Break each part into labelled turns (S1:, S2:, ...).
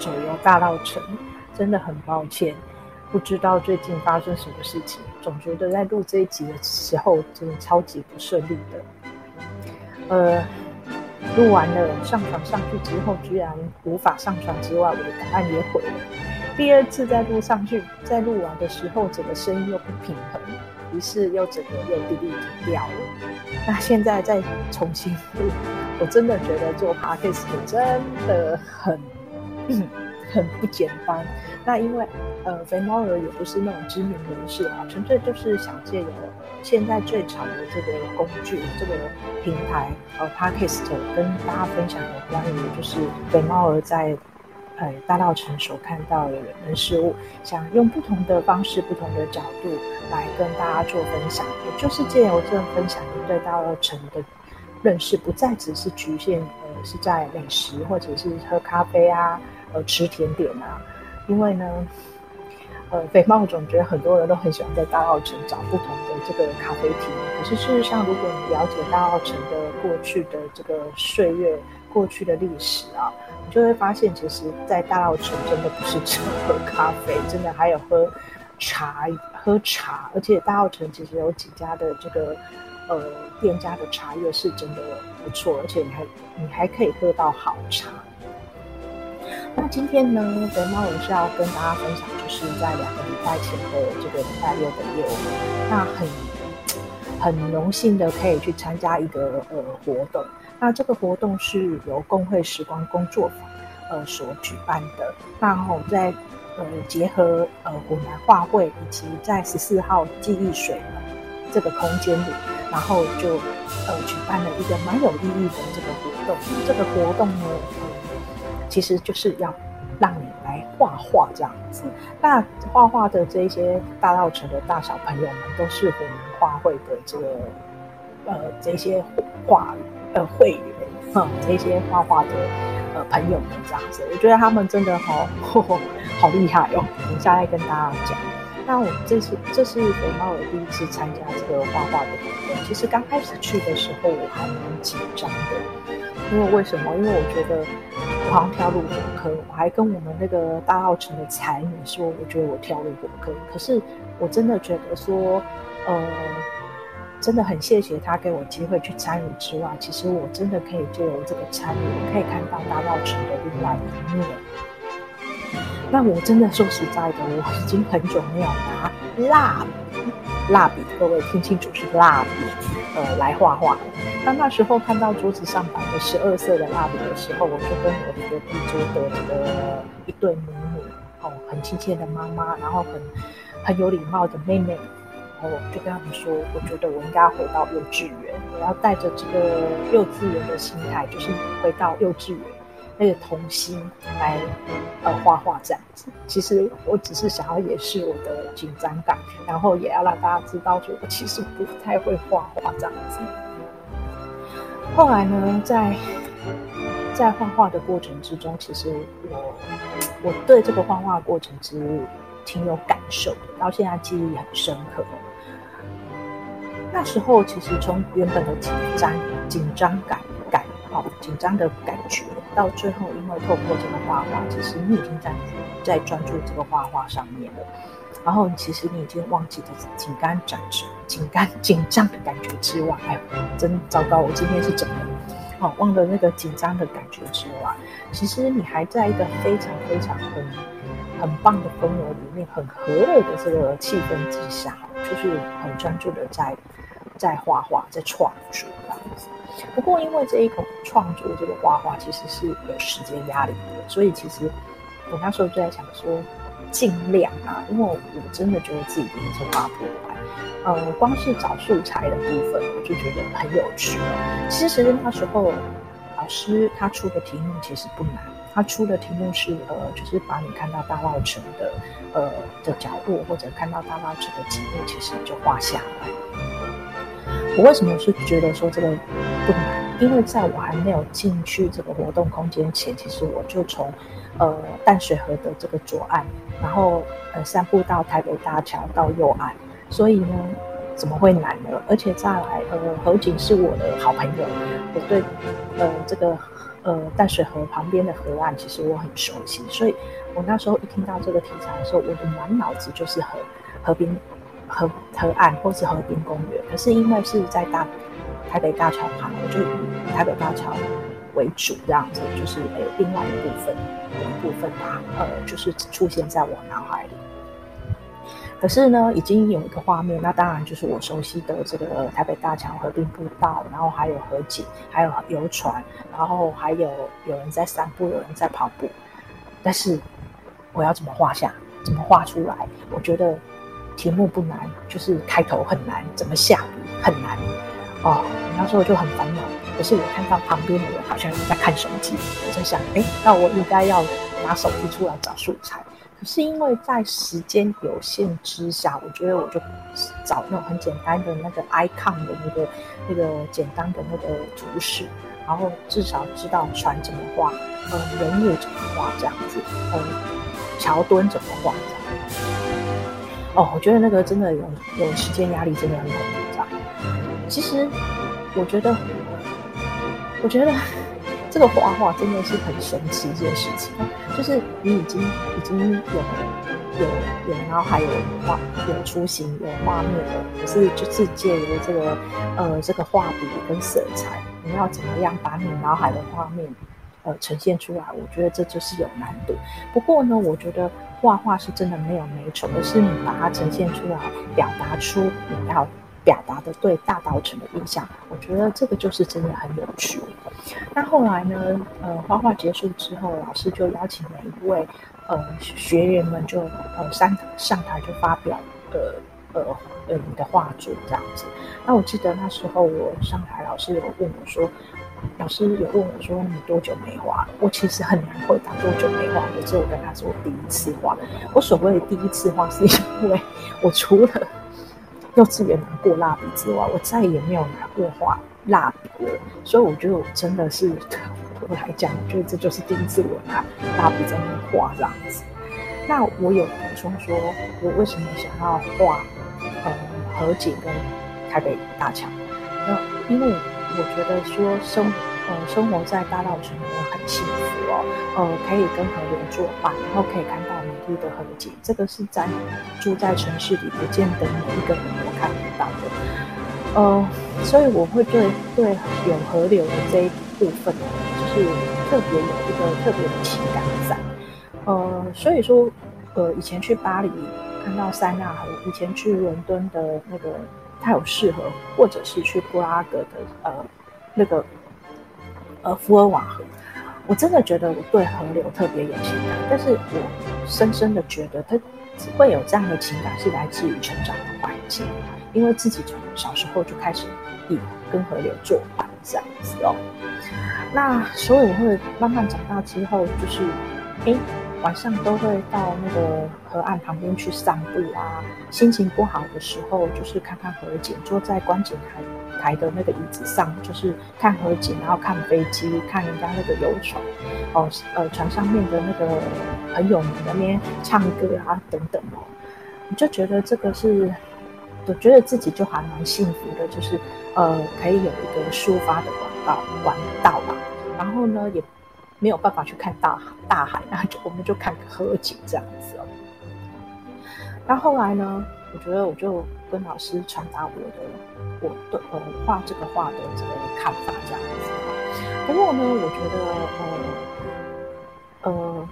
S1: 走遊大稻埕真的很抱歉，不知道最近發生什麼事情，總覺得在錄這一集的時候真的超級不順利的。呃，錄完了上傳上去之後，居然無法上傳，之外我的檔案也毀了。第二次再錄上去，在錄完的時候，整個聲音又不平衡，於是又整個又頻率，就掉了。那現在再重新錄，我真的覺得做 podcast 真的很。嗯，很不簡單。那因為，呃，肥貓兒也不是那種知名人士啊，純粹就是想借由現在最潮的這個工具、這個平台，呃 Podcast 跟大家分享的關於就是肥貓兒在呃大稻埕所看到的人事物，想用不同的方式、不同的角度來跟大家做分享。也就是借由這分享，應對大稻埕的認識，不再只是局限呃是在美食或者是喝咖啡啊。呃，吃甜點啊，因為呢，呃，肥貓我總覺得很多人都很喜歡在大稻埕找不同的這個咖啡廳。可是事實上，如果你了解大稻埕的過去的這個歲月、過去的歷史啊，你就會發現，其實，在大稻埕真的不是只喝咖啡，真的還有喝茶、喝茶。而且，大稻埕其實有幾家的這個呃店家的茶葉是真的不錯，而且你還你還可以喝到好茶。那今天呢，肥貓我是要跟大家分享，就是在兩個禮拜前的這個禮拜六的夜晚。那很很榮幸的可以去參加一個呃活動。那這個活動是由共繪時光工作坊呃所舉辦的。那後在呃結合呃虎南畫會以及在十四號記憶水這個空間裡，然後就呃舉辦了一個蠻有意義的這個活動。這個活動呢。其實就是要讓你來畫畫這樣子。那畫畫的這一些大稻埕的大小朋友們，都是我們畫會的這個呃這些畫呃會員，哈，這些畫畫的呃朋友們這樣子。我覺得他們真的好呵呵好厲害喲。等、呃、下來跟大家講。那我們這次這是肥貓兒第一次參加這個畫畫的部分。其實剛開始去的時候，我還蠻緊張的，因為為什麼？因為我覺得。狂跳六五顆，我還跟我們那個大稻埕的才女說，我覺得我跳了五顆。可是我真的覺得說，呃，真的很謝謝他給我機會去參與之外，其實我真的可以借由這個參與，我可以看到大稻埕的另外一面。那我真的說實在的，我已經很久沒有拿蠟筆，蠟筆，各位聽清楚是蠟筆。呃，來畫畫。當那時候看到桌子上擺着十二色的蠟筆的的時候，我就跟我隔壁桌的那個一對母女，哦，很親切的媽媽，然後很很有禮貌的妹妹，然後我就跟他們說，我覺得我應該回到幼稚園，我要帶着這個幼稚園的心態，就是回到幼稚園。那個童心來呃畫畫這樣子，其實我只是想要掩飾我的緊張感，然後也要讓大家知道，就我其實不太會畫畫這樣子。後來呢，在在畫畫的過程之中，其實我我對這個畫畫過程其實挺有感受的，到現在記憶很深刻。那時候其實從原本的緊張緊張感感，好緊張的感覺。到最後，因為透過這個畫畫，其實你已經在在專注這個畫畫上面了。然後，其實你已經忘記了緊張、緊張、緊張的感覺之外，哎，真糟糕，我今天是怎麼？哦，忘了那個緊張的感覺之外，其實你還在一個非常、非常的很棒的氛圍裡面，很和樂的這個氣氛之下，就是很專注的在在畫畫，在創作。不過，因為這一種創作，這個畫畫其實是有時間壓力的，所以其實我那時候就在想說，盡量啊，因為我真的覺得自己第一次畫不出呃，光是找素材的部分，我就覺得很有趣了。其實，其實那時候老師他出的題目其實不難，他出的題目是呃，就是把你看到大稻埕的呃的角度，或者看到大稻埕的景物，其實就畫下來。我為什麼是覺得說，這個不難？因為在我還沒有進去這個活動空間前，其實我就從呃淡水河的這個左岸，然後呃散步到台北大橋到右岸，所以呢怎麼會難呢？而且再來，呃何景是我的好朋友，我對呃這個呃淡水河旁邊的河岸，其實我很熟悉，所以我那時候一聽到這個題材的時候，我的滿腦子就是河河邊。河河岸或是河濱公園，可是因為是在大台北大橋旁，我就以台北大橋為主這樣子，就是有另外一部分一部分啦，呃，就是出現在我腦海裡。可是呢，已經有一個畫面，那當然就是我熟悉的這個台北大橋河濱步道，然後還有河景，還有遊船，然後還有有人在散步，有人在跑步。但是我要怎麼畫下，怎麼畫出來？我覺得。題目不難，就是開頭很難，怎麼下筆很難哦。那時候我就很煩惱。可是我看到旁邊的人好像在看手機，我在想，哎，那我應該要拿手機出來找素材。可是因為在時間有限之下，我覺得我就找那種很簡單的那個 icon 的那個那個簡單的那個圖示，然後至少知道船怎麼畫，呃，人物怎麼畫這樣子，呃，橋墩怎麼畫，這樣子哦，我覺得那個真的有有時間壓力，真的很緊張。其實，我覺得，我覺得這個畫畫真的是很神奇一件事情，就是你已經已經有有有，腦海、有、有畫有雛形有、有畫面了，可是就是借由這個呃這個畫筆跟色彩，你要怎麼樣把你腦海的畫面呃呈現出來？我覺得這就是有難度。不過呢，我覺得。畫畫是真的沒有沒錯，而是你把它呈現出來表出，表達出你要表達的對大稻埕的印象。我覺得這個就是真的很有趣。那後來呢？呃，畫畫結束之後，老師就邀請每一位呃學員們就呃上上台就發表一個呃呃你的畫作這樣子。那我記得那時候我上台，老師有問我說。老師有問我說：“你多久沒畫？”我其實很難回答，多久沒畫？這是我跟他說第一次畫。我所謂的第一次畫，是因為我除了幼稚園拿過蠟筆之外，我再也沒有拿過畫蠟筆了。所以我覺得我真的是對我來講，我覺得這就是第一次我拿蠟筆在那畫這樣子。那我有補充說，我為什麼想要畫呃、嗯，河景跟台北大橋？那因為。我覺得說生，呃，生活在大稻埕的人很幸福哦，呃，可以跟河流作伴，然後可以看到美麗的河景，這個是在住在城市裡不見得每一個人都看到的。呃，所以我會對對有河流的這一部分呢，就是特別有一個特別的情感在。呃，所以說，呃，以前去巴黎看到塞納河，以前去倫敦的那個。他有適合，或者是去布拉格的，呃，那個，呃，福爾瓦河，我真的覺得我對河流特別有情感，但是我深深的覺得他會有這樣的情感是來自於成長的環境，因為自己從小時候就開始以跟河流作伴這樣子哦，那所以會慢慢長大之後就是，誒。晚上都會到那個河岸旁邊去散步啊，心情不好的時候就是看看河景，坐在觀景台台的那個椅子上，就是看河景，然後看飛機，看人家那個遊船，哦，呃，船上面的那個很有名的那些唱歌啊等等哦，我就覺得這個是，我覺得自己就還蠻幸福的，就是呃，可以有一個抒發的管道，管道吧，然後呢也。沒有辦法去看大海大海，那就我們就看個河景這樣子哦。那後來呢？我覺得我就跟老師傳達我的我的呃畫這個畫的這個看法這樣子。不過呢，我覺得呃呃，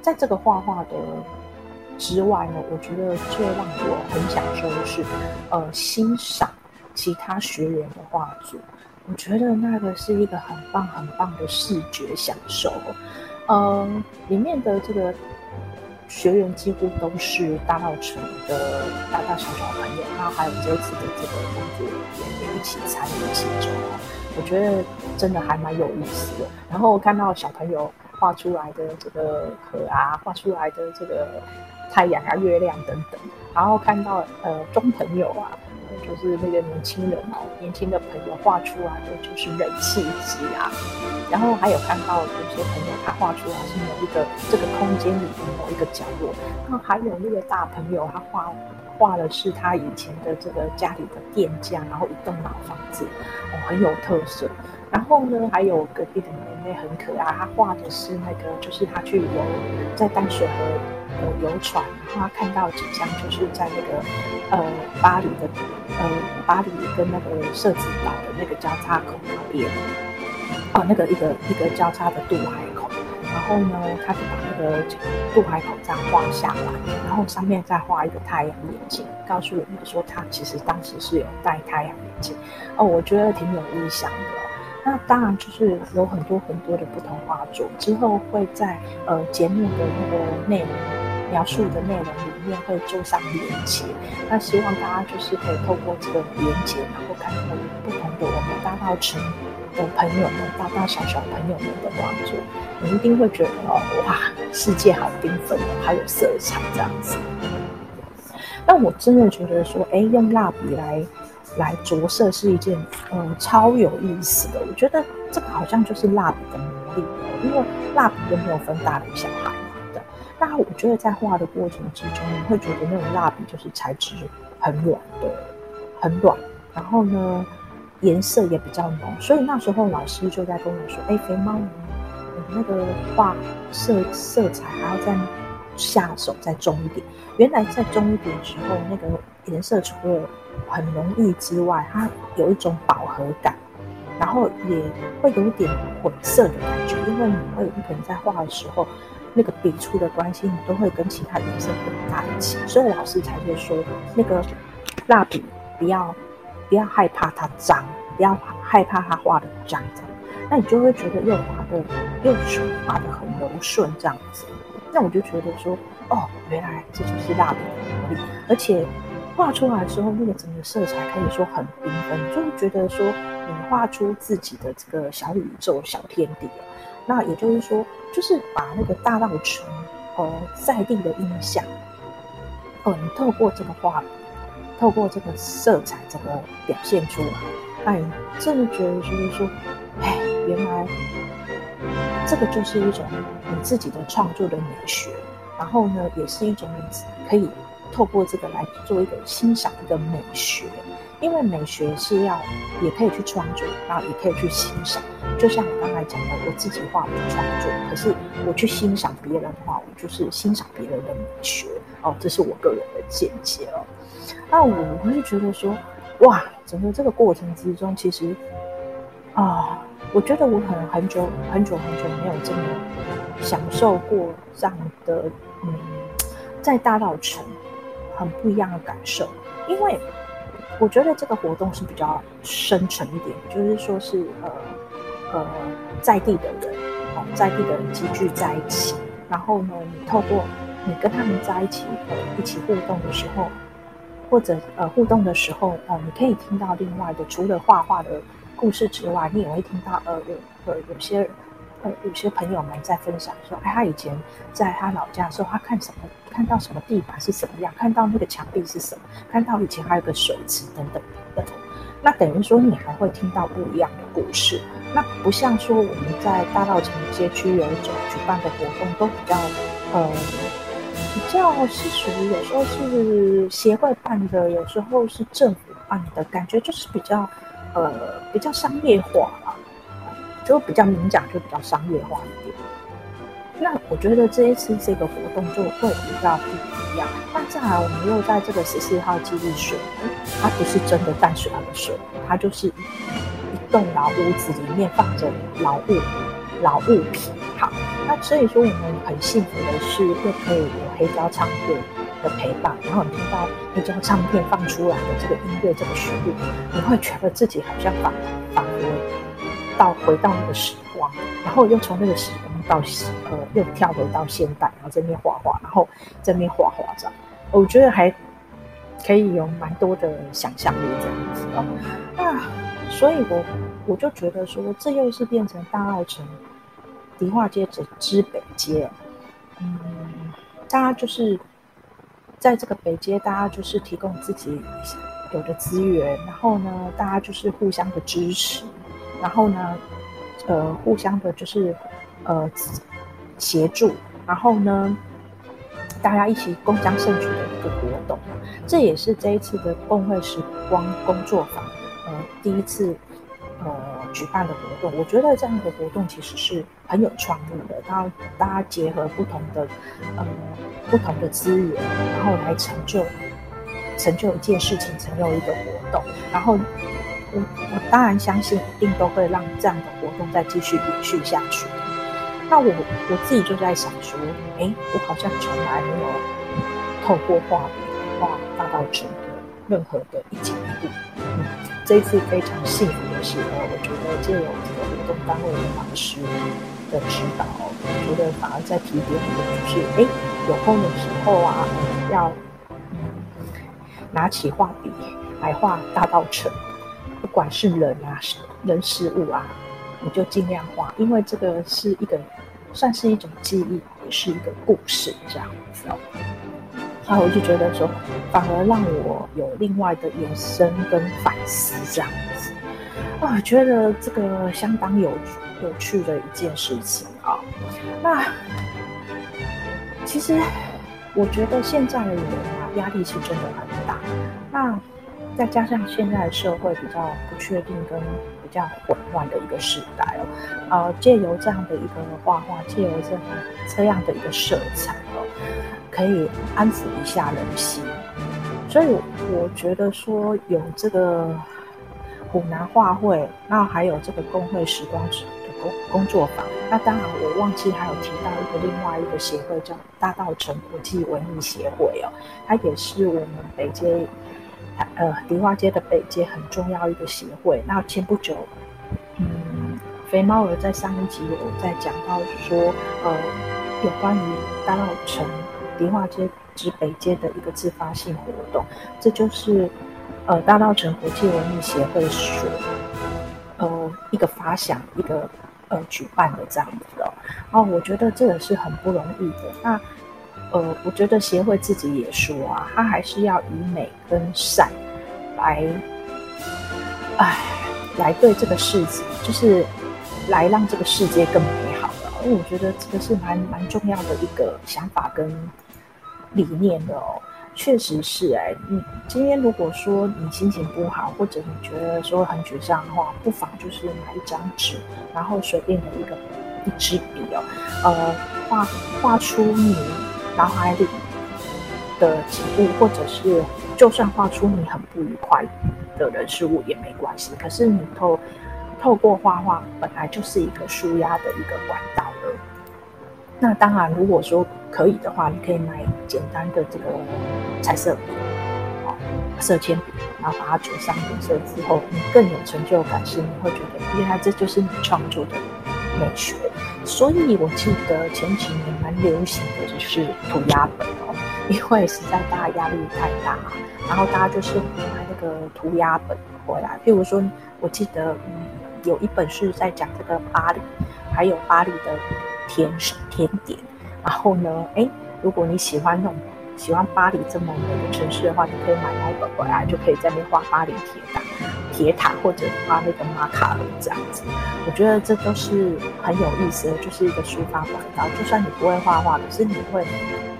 S1: 在這個畫畫的之外呢，我覺得最讓我很享受的是，呃，欣賞其他學員的畫作。我覺得那個是一個很棒很棒的視覺享受，嗯，裡面的這個學員幾乎都是大稻埕的大大小小朋友，然後還有這次的這個工作人員也一起參與其中啊，我覺得真的還蠻有意思的。然後看到小朋友畫出來的這個殼啊、畫出來的這個太陽啊、月亮等等，然後看到呃中朋友啊。就是那個年輕人哦、啊、年輕的朋友畫出來的就是人氣集啊。然後還有看到有些朋友他畫出來是某一個這個空間裡面的某一個角落。然後還有那個大朋友，他畫畫的是他以前的這個家裡的店家，然後一棟老房子，哦，很有特色。然後呢，還有隔壁的妹妹很可愛，她畫的是那個，就是她去游在淡水河。呃，遊船，然後他看到景象就是在那個呃巴黎的呃巴黎跟那個設計島的那個交叉口那邊，哦，那個一個一個交叉的渡海口，然後呢，他就把那個、這個、渡海口這樣畫下來，然後上面再畫一個太陽眼鏡，告訴人們說他其實當時是有戴太陽眼鏡。哦，我覺得挺有意向的。那當然就是有很多很多的不同畫作，之後會在呃節目的那個內容，描述的內容裡面會做上連結，那希望大家就是可以透過這個連結，然後看到不同的我們大稻埕的朋友們，大大小小朋友們的畫作，你一定會覺得哦，哇，世界好繽紛，還有色彩這樣子。那我真的覺得說，誒，用蠟筆來來着色是一件，嗯，超有意思的。我覺得這個好像就是蠟筆的魔力，因為蠟筆就沒有分大人小孩。那我覺得在畫的過程之中，你會覺得那種蠟筆就是材質很軟的，很軟。然後呢，顏色也比較濃，所以那時候老師就在跟我說：“誒、欸，肥貓，你那個畫色色彩還要再下手再重一點。”原來在重一點的時候，那個顏色除了很容易之外，它有一種飽和感，然後也會有點混色的感覺，因為你會可能在畫的時候。那個筆觸的關係，你都會跟其他顏色混在一起，所以老師才會說，那個蠟筆不要不要害怕它髒，不要怕害怕它畫的髒，那你就會覺得又滑又滑畫得很柔順這樣子，那我就覺得說，哦，原來這就是蠟筆的魔力，而且畫出來之後，那個整個色彩可以說很繽紛，就會覺得說，你畫出自己的這個小宇宙、小天地了。那也就是說，就是把那個大稻埕和在地的印象，哦、嗯，你透過這個畫，透過這個色彩，這個表現出來，那你真的覺得就是說，哎，原來這個就是一種你自己的創作的美學，然後呢，也是一種可以透過這個來做一個欣賞的美學。因為美學是要，也可以去創作，然後也可以去欣賞。就像我剛才講的，我自己畫的創作，可是我去欣賞別人畫，我就是欣賞別人的美學哦。這是我個人的見解哦。那我是覺得說，哇，整個這個過程之中，其實啊，我覺得我很很久很久很久沒有這麼享受過這樣的嗯，在大稻埕很不一樣的感受，因為。我覺得這個活動是比較深層一點，就是說是呃呃在地的人，哦、呃，在地的人集聚在一起，然後呢，你透過你跟他們在一起呃一起互動的時候，或者呃互動的時候呃，你可以聽到另外的，除了畫畫的故事之外，你也會聽到呃有呃、呃有些人。有些朋友們在分享說，哎，他以前在他老家的時候，他看什麼，看到什麼地方是什麼樣，看到那個牆壁是什麼，看到以前還有個水池等等等等，那等於說你還會聽到不一樣的故事。那不像說我們在大稻埕街區有一種舉辦的活動，都比較呃，比較是屬於有時候是協會辦的，有時候是政府辦的，感覺就是比較呃，比較商業化。就比較明講，就比較商業化一點。那我覺得這一次這個活動就會比較不一樣。那再來，我們又在這個十四號記憶水，它不是真的淡水的水，它就是一一棟老屋子裡面放着老物、老物品。好，那所以說我們很幸福的是，又可以有黑膠唱片的陪伴。然後你聽到黑膠唱片放出來的這個音樂這個旋律，你會覺得自己好像彷彷彿。到回到那個時光，然後又從那個時光到時呃，又跳回到現代，然後這邊畫畫，然後這邊畫畫這樣，我覺得還可以有蠻多的想象力這樣子哦。那、啊、所以我我就覺得說，這又是變成大稻埕迪化街之北街，嗯，大家就是在這個北街，大家就是提供自己有的資源，然後呢，大家就是互相的支持。然後呢，呃，互相的，就是，呃，協助。然後呢，大家一起共襄盛舉的一個活動，這也是這一次的共繪時光工作坊，呃，第一次呃舉辦的活動。我覺得這樣的活動其實是很有創意的，它大，大家結合不同的呃不同的資源，然後來成就成就一件事情，成就一個活動，然後。我、嗯、我當然相信，一定都會讓這樣的活動再繼續延續下去。那我我自己就在想說，誒，我好像從來沒有透過畫筆畫大稻埕任何的一景一物。嗯，這一次非常幸運的是呢，我覺得借由這個活動單位的老師的指導，我覺得反而在提倦的時候，就是誒有空的時候啊，要、嗯、拿起畫筆來畫大稻埕。不管是人啊，人事物啊，你就盡量畫，因為這個是一個，算是一種記憶，也是一個故事，這樣子哦。然後、啊、我就覺得說，反而讓我有另外的延伸跟反思，這樣子啊，我覺得這個相當有有趣的一件事情啊、哦。那其實我覺得現在的人啊，壓力是真的很大，那。再加上現在社會比較不確定跟比較混亂的一個時代哦，呃，借由這樣的一個畫畫，借由這這樣的一個色彩哦，可以安撫一下人心。所以我覺得說有這個虎南畫會，那還有這個共繪好時光的工作坊，那當然我忘記還有提到一個另外一個協會叫大稻埕國際文藝協會哦，它也是我們北京。呃，迪化街的北街很重要一個協會。那前不久，嗯，肥貓兒在上一集有在講到說，呃，有關於大稻埕迪化街之北街的一個自發性活動，這就是呃大稻埕國際文藝協會所呃一個發想一個呃舉辦的這樣子哦。我覺得這個是很不容易的。那呃，我覺得協會自己也說啊，它還是要以美跟善。來，哎，來對這個世界，就是來讓這個世界更美好的。因為我覺得這個是蠻蠻重要的一個想法跟理念的哦。確實是哎，你、嗯、今天如果說你心情不好，或者你覺得說很沮喪的話，不妨就是拿一張紙，然後隨便的一個一支筆哦，呃，畫畫出你腦海裡的景物，或者是。就算畫出你很不愉快的人事物也沒關係，可是你透透過畫畫，本來就是一個舒壓的一個管道了。那當然，如果說可以的話，你可以買簡單的這個彩色筆、色鉛筆，然後把它塗上顏色之後，你更有成就感，是你會覺得原來這就是你創作的美學。所以我記得前幾年蠻流行的，就是塗鴉本。因為實在大家壓力太大，然後大家就是買那個塗鴉本回來。譬如說，我記得嗯，有一本是在講這個巴黎，還有巴黎的甜食甜點。然後呢，哎，如果你喜歡那種喜歡巴黎這麼美的城市的話，你可以買那一本回來，就可以在那邊畫巴黎鐵塔。鐵塔，或者畫那個馬卡龍這樣子，我覺得這都是很有意思的，就是一個抒發管道。然後，就算你不會畫畫，可是你會，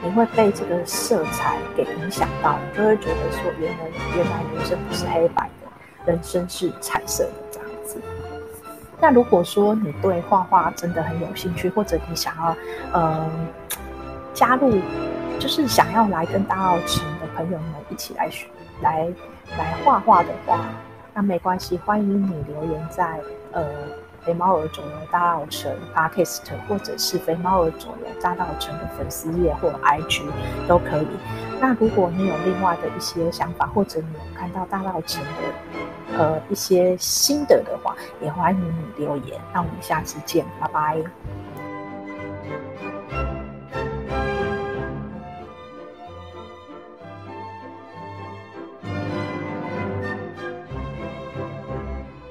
S1: 你會被這個色彩給影響到，你就會覺得說，原來，原來人生不是黑白的，人生是彩色的這樣子。那如果說你對畫畫真的很有興趣，或者你想要，嗯，加入，就是想要來跟大稻埕的朋友們一起來學，來，來畫畫的話。那沒關係，歡迎你留言在呃“肥貓兒走遊大稻埕 podcast 或者是“肥貓兒走遊大稻埕”的粉絲頁或 IG 都可以。那如果你有另外的一些想法，或者你有看到大稻埕的呃一些心得的話，也歡迎你留言。那我們下次見，拜拜。